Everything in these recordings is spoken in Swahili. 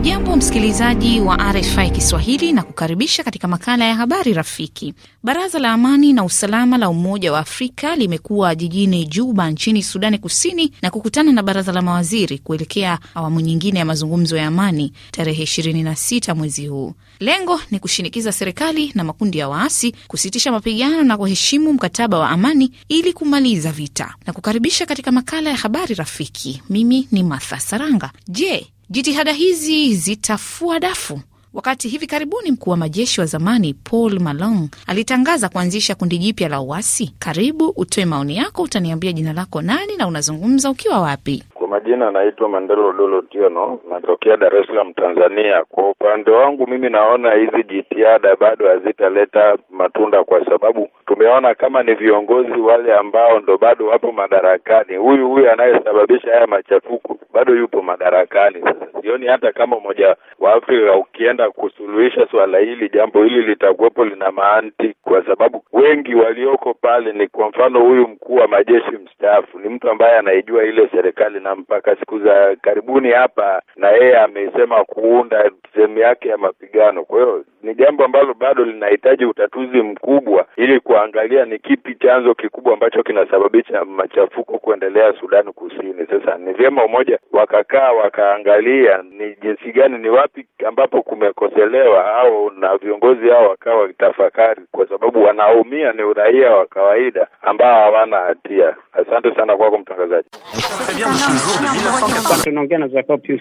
Ujambo msikilizaji wa RFI Kiswahili na kukaribisha katika makala ya habari rafiki. Baraza la Amani na Usalama la Umoja wa Afrika limekuwa jijini Juba nchini Sudani Kusini na kukutana na baraza la mawaziri kuelekea awamu nyingine ya mazungumzo ya amani tarehe 26 mwezi huu. Lengo ni kushinikiza serikali na makundi ya waasi kusitisha mapigano na kuheshimu mkataba wa amani ili kumaliza vita. Na kukaribisha katika makala ya habari rafiki. Mimi ni Martha Saranga. Je, jitihada hizi zitafua dafu wakati hivi karibuni mkuu wa majeshi wa zamani Paul Malong alitangaza kuanzisha kundi jipya la uasi. Karibu utoe maoni yako, utaniambia jina lako nani na unazungumza ukiwa wapi majina anaitwa Mandelo Dolo natokea Dar es Salaam, Tanzania. Kwa upande wangu mimi naona hizi jitihada bado hazitaleta matunda, kwa sababu tumeona kama ni viongozi wale ambao ndo bado wapo madarakani. Huyu huyu anayesababisha haya machafuko bado yupo madarakani. Sasa sioni hata kama Umoja wa Afrika ukienda kusuluhisha swala hili, jambo hili litakuwepo lina maanti, kwa sababu wengi walioko pale ni kwa mfano, huyu mkuu wa majeshi mstaafu ni mtu ambaye anaijua ile serikali na mpaka siku za karibuni hapa, na yeye amesema kuunda sehemu yake ya mapigano. Kwa hiyo ni jambo ambalo bado linahitaji utatuzi mkubwa, ili kuangalia ni kipi chanzo kikubwa ambacho kinasababisha machafuko kuendelea Sudani Kusini. Sasa ni vyema umoja wakakaa wakaangalia ni jinsi gani, ni wapi ambapo kumekoselewa, au na viongozi hao wakawa tafakari, kwa sababu wanaumia ni uraia wa kawaida ambao hawana hatia. Asante sana kwako mtangazaji. Tunaongea na Zakao Pius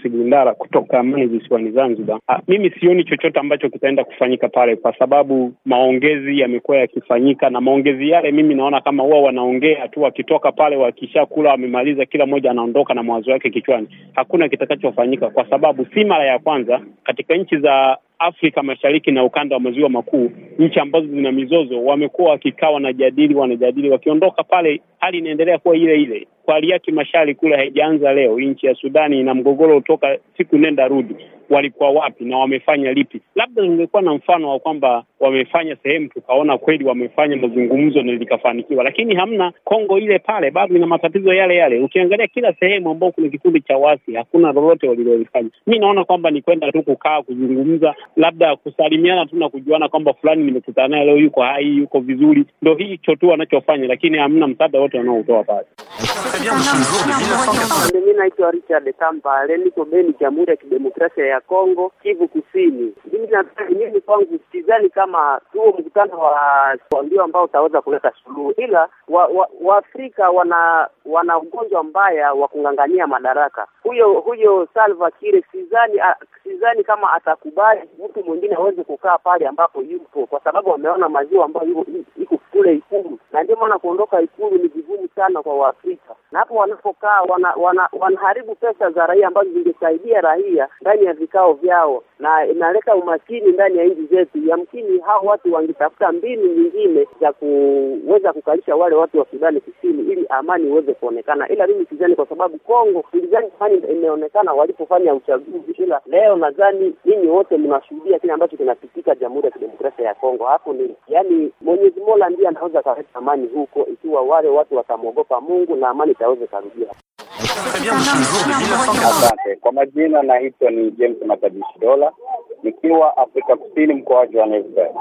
kutoka Amani visiwani Zanzibar. Ah, mimi sioni chochote ambacho kitaenda kufanyika pale, kwa sababu maongezi yamekuwa yakifanyika, na maongezi yale mimi naona kama huwa wanaongea tu, wakitoka pale, wakishakula wamemaliza, kila mmoja anaondoka na mawazo yake kichwani. Hakuna kitakachofanyika, kwa sababu si mara ya kwanza katika nchi za Afrika Mashariki na ukanda wa maziwa makuu, nchi ambazo zina mizozo, wamekuwa wakikaa wanajadili, wanajadili, wakiondoka pale, hali inaendelea kuwa ile ile. Kwa Riaki Mashari kule haijaanza leo. Nchi ya Sudani ina mgogoro utoka siku nenda rudi, walikuwa wapi na wamefanya lipi? Labda tungekuwa na mfano wa kwamba wamefanya sehemu, tukaona kweli wamefanya mazungumzo na likafanikiwa, lakini hamna. Kongo ile pale bado ina matatizo yale yale. Ukiangalia kila sehemu ambao kuna kikundi cha wasi, hakuna lolote walilolifanya. Mi naona kwamba ni kwenda tu kukaa kuzungumza labda kusalimiana tu na kujuana kwamba fulani nimekutana naye leo, yuko hai, yuko vizuri. Ndo hicho tu wanachofanya, lakini hamna msaada wote wanaotoa pale. Mimi naitwa Richard Kambale, niko Beni, Jamhuri ya Kidemokrasia ya Kongo, Kivu Kusini. Mimi kwangu sidhani kama huo mkutano wa ndio ambao utaweza kuleta suluhu, ila Waafrika wana wana ugonjwa mbaya wa kung'ang'ania madaraka. Huyo huyo Salva Kiir sidhani sidhani kama atakubali mtu mwingine hawezi kukaa pale ambapo yupo, kwa sababu wameona maziwa ambayo iko kule Ikulu, na ndio maana kuondoka Ikulu ni vigumu sana kwa Waafrika na hapo wanapokaa wana, wana, wanaharibu pesa za raia ambazo zingesaidia raia ndani ya vikao vyao, na inaleta umaskini ndani ya nchi zetu. Yamkini hao watu wangetafuta mbinu nyingine za kuweza kukalisha wale watu wa Sudani Kusini ili amani iweze kuonekana, ila mimi sizani, kwa sababu Kongo sidhani amani imeonekana walipofanya uchaguzi. Ila leo nadhani ninyi wote mnashuhudia kile ambacho kinapitika Jamhuri ya Kidemokrasia ya Kongo. Hapo ni yani, Mwenyezi Mola ndiye anaweza akaleta amani huko, ikiwa wale watu watamwogopa Mungu na amani itawezekana. Asante kwa majina, naitwa ni James Matabishi Dola nikiwa Afrika Kusini, mkoa wa Johannesburg.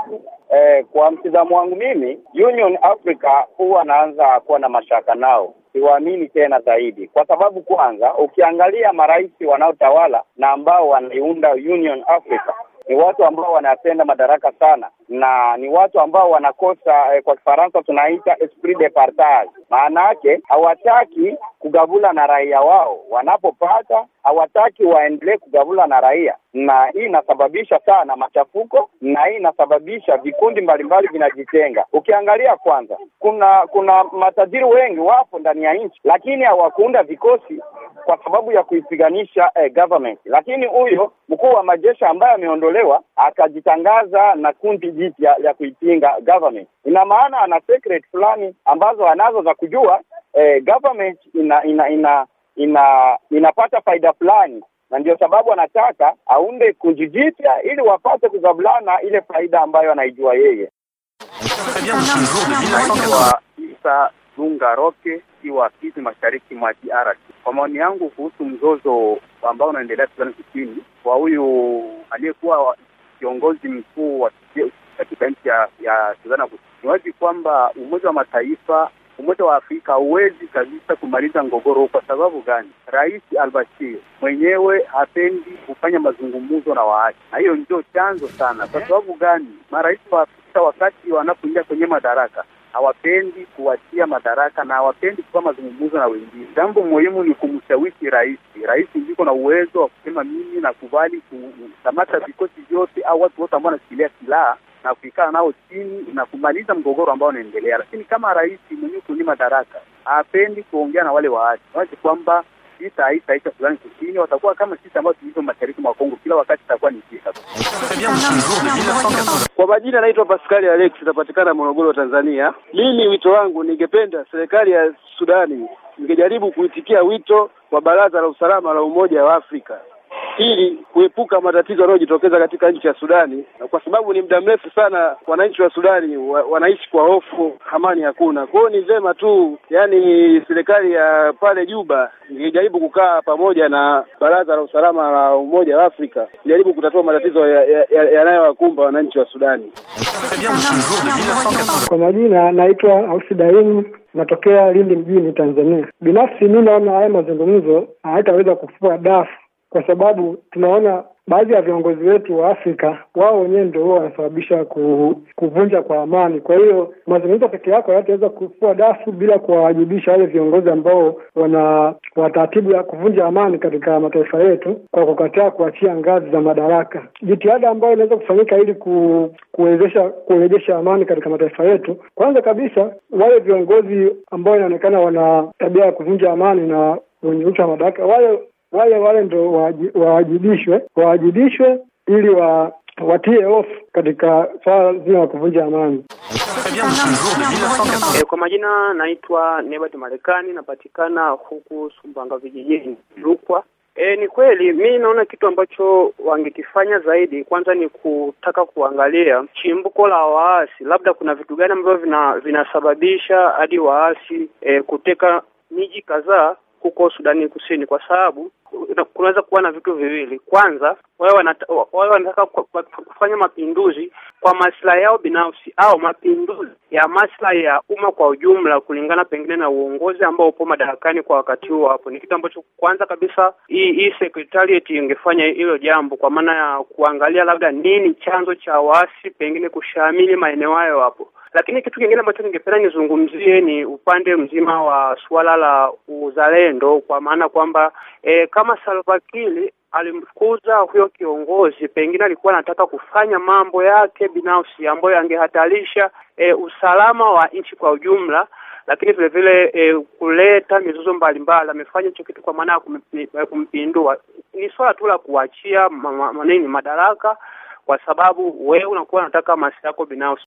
Eh, kwa mtizamo wangu mimi Union Africa huwa anaanza kuwa na mashaka nao, siwaamini tena zaidi, kwa sababu kwanza ukiangalia marais wanaotawala na ambao wanaiunda Union Africa ni watu ambao wanapenda madaraka sana, na ni watu ambao wanakosa eh, kwa Kifaransa tunaita esprit de partage. Maana yake hawataki kugavula na raia wao, wanapopata hawataki waendelee kugavula na raia, na hii inasababisha sana machafuko, na hii inasababisha vikundi mbalimbali vinajitenga. Ukiangalia kwanza, kuna kuna matajiri wengi wapo ndani ya nchi, lakini hawakuunda vikosi kwa sababu ya kuipiganisha eh, government. Lakini huyo mkuu wa majeshi ambaye ameondolewa akajitangaza na kundi jipya la kuipinga government, ina maana ana secret fulani ambazo anazo za kujua eh, government ina ina ina ina inapata faida fulani na ndio sababu anataka aunde kundi jipya ili wapate kugabulana ile faida ambayo anaijua yeye. Dunga Roke iwa Kivu mashariki mwa DRC. Kwa maoni yangu kuhusu mzozo ambao unaendelea Sudani Kusini, kwa huyu aliyekuwa kiongozi mkuu wa katika nchi ya, ya Sudani Kusini, ni wazi kwamba Umoja wa Mataifa Umoja wa Afrika hauwezi kabisa kumaliza mgogoro huu. Kwa sababu gani? Rais Albashir mwenyewe hapendi kufanya mazungumzo na waasi, na hiyo ndio chanzo sana. Kwa sababu gani? Marais wa Afrika wakati wanapoingia kwenye madaraka hawapendi kuwatia madaraka na hawapendi kutoa mazungumzo na wengine. Jambo muhimu ni kumshawishi rais. Rais ndiko na uwezo wa kusema mimi nakubali kukamata vikosi vyote au watu wote ambao wanashikilia silaha na kuikaa nao chini na kumaliza mgogoro ambao unaendelea. Lakini kama rais mwenyewe kuni madaraka hapendi kuongea na wale waasi, wache kwamba vita haitaisha Sudani Kusini, watakuwa kama sisi ambao tulivyo mashariki mwa Kongo, kila wakati itakuwa ni vita. Kwa majina anaitwa Pascal Alex, napatikana Morogoro, Tanzania. Mimi wito wangu, ningependa serikali ya Sudani ingejaribu kuitikia wito wa Baraza la Usalama la Umoja wa Afrika ili kuepuka matatizo yanayojitokeza katika nchi ya Sudani, na kwa sababu ni muda mrefu sana wananchi wa Sudani wa, wanaishi kwa hofu, amani hakuna. Kwa hiyo ni vema tu, yani serikali ya pale Juba ingejaribu kukaa pamoja na Baraza la Usalama la Umoja wa Afrika ijaribu kutatua matatizo yanayowakumba ya, ya, ya wananchi wa Sudani. Kwa majina naitwa Ausi Daimu natokea Lindi mjini Tanzania. Binafsi mi naona haya mazungumzo hayataweza kufua dafu kwa sababu tunaona baadhi ya viongozi wetu wa Afrika wao wenyewe ndio huwa wanasababisha kuvunja kwa amani. Kwa hiyo mazungumzo peke yako hayataweza kufua dafu bila kuwawajibisha wale viongozi ambao wana wataratibu ya kuvunja amani katika mataifa yetu kwa kukataa kuachia ngazi za madaraka. Jitihada ambayo inaweza kufanyika ili ku, kuwezesha kurejesha amani katika mataifa yetu, kwanza kabisa wale viongozi ambao inaonekana wana tabia ya kuvunja amani na wenye uchu wa madaraka wale wale wale ndo waajibishwe waajibishwe ili wa watie off katika swala zima la kuvunja amani. E, kwa majina naitwa Nebat Marekani, napatikana huku sumbanga vijijini Rukwa. E, ni kweli mi naona kitu ambacho wangekifanya zaidi, kwanza ni kutaka kuangalia chimbuko la waasi, labda kuna vitu gani ambavyo vina, vinasababisha hadi waasi e, kuteka miji kadhaa huko Sudani Kusini, kwa sababu kunaweza kuwa na vitu viwili. Kwanza, wao wanataka kufanya mapinduzi kwa maslahi yao binafsi au mapinduzi ya maslahi ya umma kwa ujumla, kulingana pengine na uongozi ambao upo madarakani kwa wakati huo. Hapo ni kitu ambacho kwanza kabisa hii hii secretariat ingefanya hilo jambo, kwa maana ya kuangalia labda nini chanzo cha waasi pengine kushamili maeneo hayo hapo lakini kitu kingine ambacho ningependa nizungumzie ni upande mzima wa suala la uzalendo, kwa maana kwamba e, kama Salva Kiir alimfukuza huyo kiongozi, pengine alikuwa anataka kufanya mambo yake binafsi ambayo angehatarisha e, eh, usalama wa nchi kwa ujumla lakini vile vile e, kuleta mizozo mbalimbali. Amefanya hicho kitu kwa maana ya kumpindua. Ni swala tu la kuachia manini madaraka, kwa sababu wewe unakuwa unataka maslahi yako binafsi.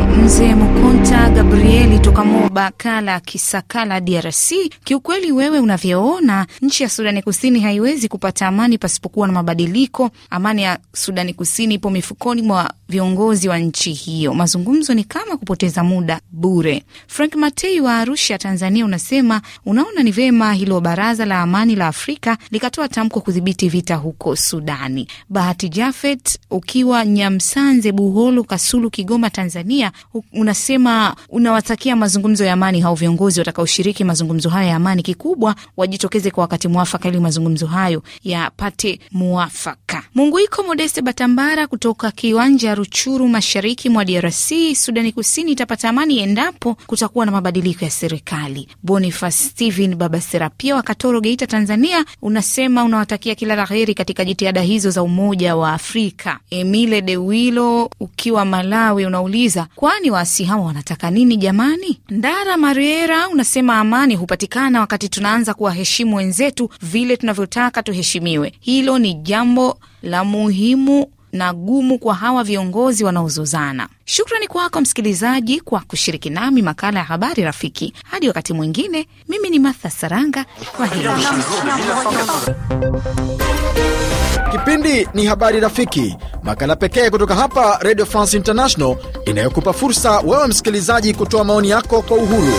Mzee Mukunta Gabrieli toka Moba Kala, Kisakala, DRC. Kiukweli wewe unavyoona, nchi ya Sudani Kusini haiwezi kupata amani pasipokuwa na mabadiliko. Amani ya Sudani Kusini ipo mifukoni mwa viongozi wa nchi hiyo. Mazungumzo ni kama kupoteza muda bure. Frank Matei wa Arusha, Tanzania, unasema unaona ni vema hilo baraza la amani la Afrika likatoa tamko kudhibiti vita huko Sudani. Bahati Jafet ukiwa Nyamsanze, Buholo, Kasulu, Kigoma, Tanzania unasema unawatakia mazungumzo ya amani hao viongozi watakaoshiriki mazungumzo haya ya amani, kikubwa wajitokeze kwa wakati mwafaka ili mazungumzo hayo yapate mwafaka. Munguiko Modeste Batambara kutoka kiwanja Ruchuru, mashariki mwa DRC. Sudani Kusini itapata amani endapo kutakuwa na mabadiliko ya serikali. Bonifas Steven Baba Serapia wa Katoro, Geita, Tanzania, unasema unawatakia kila la heri katika jitihada hizo za Umoja wa Afrika. Emile De Wilo ukiwa Malawi unauliza kwa Kwani waasi hawa wanataka nini jamani? Ndara Mariera unasema amani hupatikana wakati tunaanza kuwaheshimu wenzetu vile tunavyotaka tuheshimiwe. Hilo ni jambo la muhimu na gumu kwa hawa viongozi wanaozozana. Shukrani kwako msikilizaji kwa kushiriki nami makala ya habari rafiki. Hadi wakati mwingine, mimi ni Martha Saranga, kwa heri. Kipindi ni Habari Rafiki, makala pekee kutoka hapa Radio France International inayokupa fursa wewe msikilizaji kutoa maoni yako kwa uhuru.